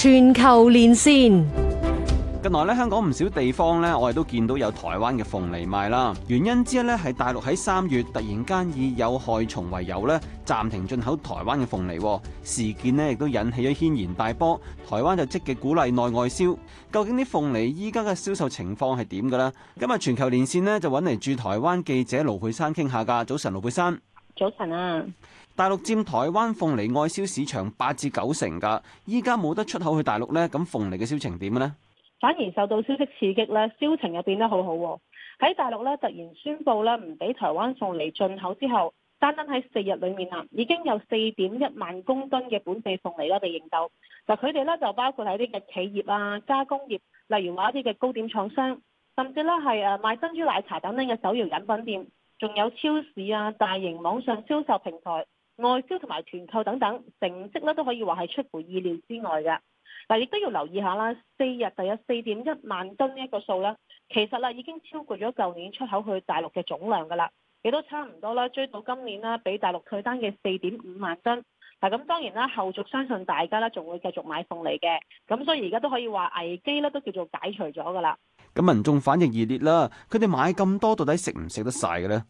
全球連線，近來咧香港唔少地方咧，我哋都見到有台灣嘅鳳梨賣啦。原因之一咧係大陸喺三月突然間以有害蟲為由咧暫停進口台灣嘅鳳梨，哦，事件呢亦都引起咗軒然大波。台灣就積極鼓勵內外銷。究竟啲鳳梨依家嘅銷售情況係點㗎咧？今日全球連線呢，就揾嚟駐台灣記者盧珮珊傾下噶。早晨盧，盧珮珊。早晨啊！大陸佔台灣鳳梨外銷市場八至九成㗎，依家冇得出口去大陸呢，咁鳳梨嘅銷情點嘅咧？反而受到消息刺激呢，銷情又變得好好喎。喺大陸呢，突然宣布呢唔俾台灣鳳梨進口之後，單單喺四日裡面啊，已經有四點一萬公噸嘅本地鳳梨咧被認到。嗱，佢哋呢就包括喺啲嘅企業啊、加工業，例如某一啲嘅糕點廠商，甚至呢係誒賣珍珠奶茶等等嘅手搖飲品店。仲有超市啊、大型網上銷售平台、外銷同埋團購等等，成績咧都可以話係出乎意料之外嘅。嗱，亦都要留意下啦，四日第一四點一萬噸呢一個數啦，其實啦已經超過咗舊年出口去大陸嘅總量噶啦，亦都差唔多啦。追到今年啦，俾大陸退單嘅四點五萬噸。嗱咁當然啦，後續相信大家咧仲會繼續買餸嚟嘅，咁所以而家都可以話危機咧都叫做解除咗噶啦。咁民眾反應熱烈啦，佢哋買咁多到底食唔食得晒嘅咧？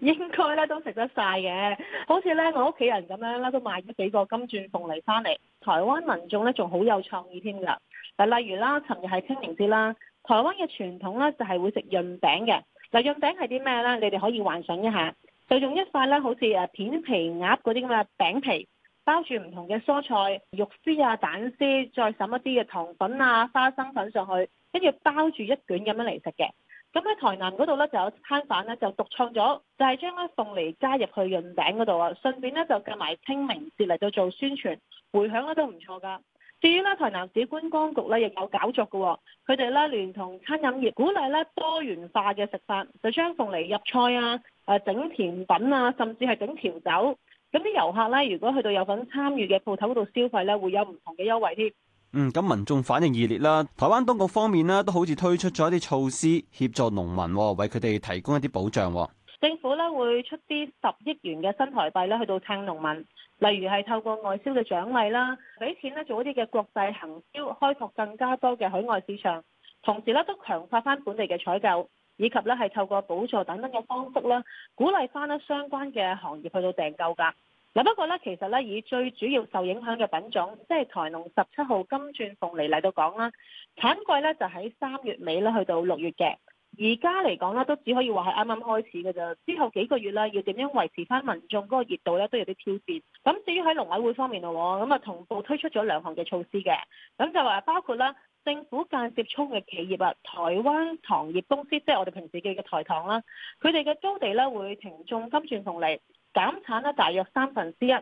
應該咧都食得晒嘅，好似咧我屋企人咁樣啦，都買咗幾個金鑽鳳梨翻嚟。台灣民眾咧仲好有創意添㗎，嗱，例如啦，尋日係清明節啦，台灣嘅傳統咧就係會食潤餅嘅。嗱，潤餅係啲咩咧？你哋可以幻想一下，就用一塊咧好似誒片皮鴨嗰啲咁嘅餅皮，包住唔同嘅蔬菜、肉絲啊、蛋絲，再灑一啲嘅糖粉啊、花生粉上去。跟住包住一卷咁樣嚟食嘅，咁喺台南嗰度咧就有餐飯咧就獨創咗，就係將咧鳳梨加入去潤餅嗰度啊，順便咧就夾埋清明節嚟到做宣傳，回響咧都唔錯噶。至於咧台南市觀光局咧亦有搞作㗎。哦，佢哋咧聯同餐飲業鼓勵咧多元化嘅食法，就將鳳梨入菜啊，誒、啊、整甜品啊，甚至係整調酒。咁啲遊客咧，如果去到有份參與嘅鋪頭度消費咧，會有唔同嘅優惠添。嗯，咁民眾反應熱烈啦。台灣當局方面咧，都好似推出咗一啲措施協助農民，為佢哋提供一啲保障。政府咧會出啲十億元嘅新台幣咧，去到撐農民。例如係透過外銷嘅獎勵啦，畀錢咧做一啲嘅國際行銷，開拓更加多嘅海外市場。同時咧都強化返本地嘅採購，以及咧係透過補助等等嘅方式啦，鼓勵返咧相關嘅行業去到訂購㗎。嗱，不過咧，其實咧，以最主要受影響嘅品種，即係台農十七號金鑽鳳梨嚟到講啦，產季咧就喺三月尾咧去到六月嘅，而家嚟講咧都只可以話係啱啱開始嘅啫，之後幾個月咧要點樣維持翻民眾嗰個熱度咧都有啲挑戰。咁至於喺農委會方面咯，咁啊同步推出咗兩項嘅措施嘅，咁就話包括啦政府間接充嘅企業啊，台灣糖業公司，即係我哋平時嘅嘅台糖啦，佢哋嘅租地咧會停種金鑽鳳梨。減產咧大約三分之一。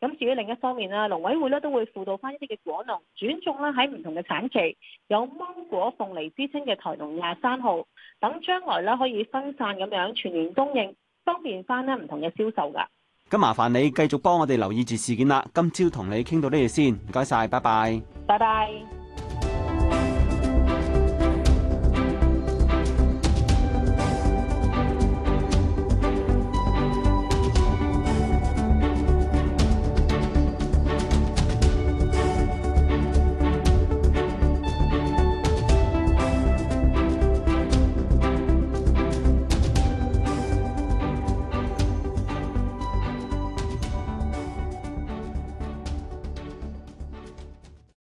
咁至於另一方面啦，農委會咧都會輔導翻一啲嘅果農轉種啦喺唔同嘅產期，有芒果鳳梨之稱嘅台農廿三號等，將來咧可以分散咁樣全年供應，方便翻咧唔同嘅銷售㗎。咁麻煩你繼續幫我哋留意住事件啦。今朝同你傾到呢度先，唔該晒，拜拜。拜拜。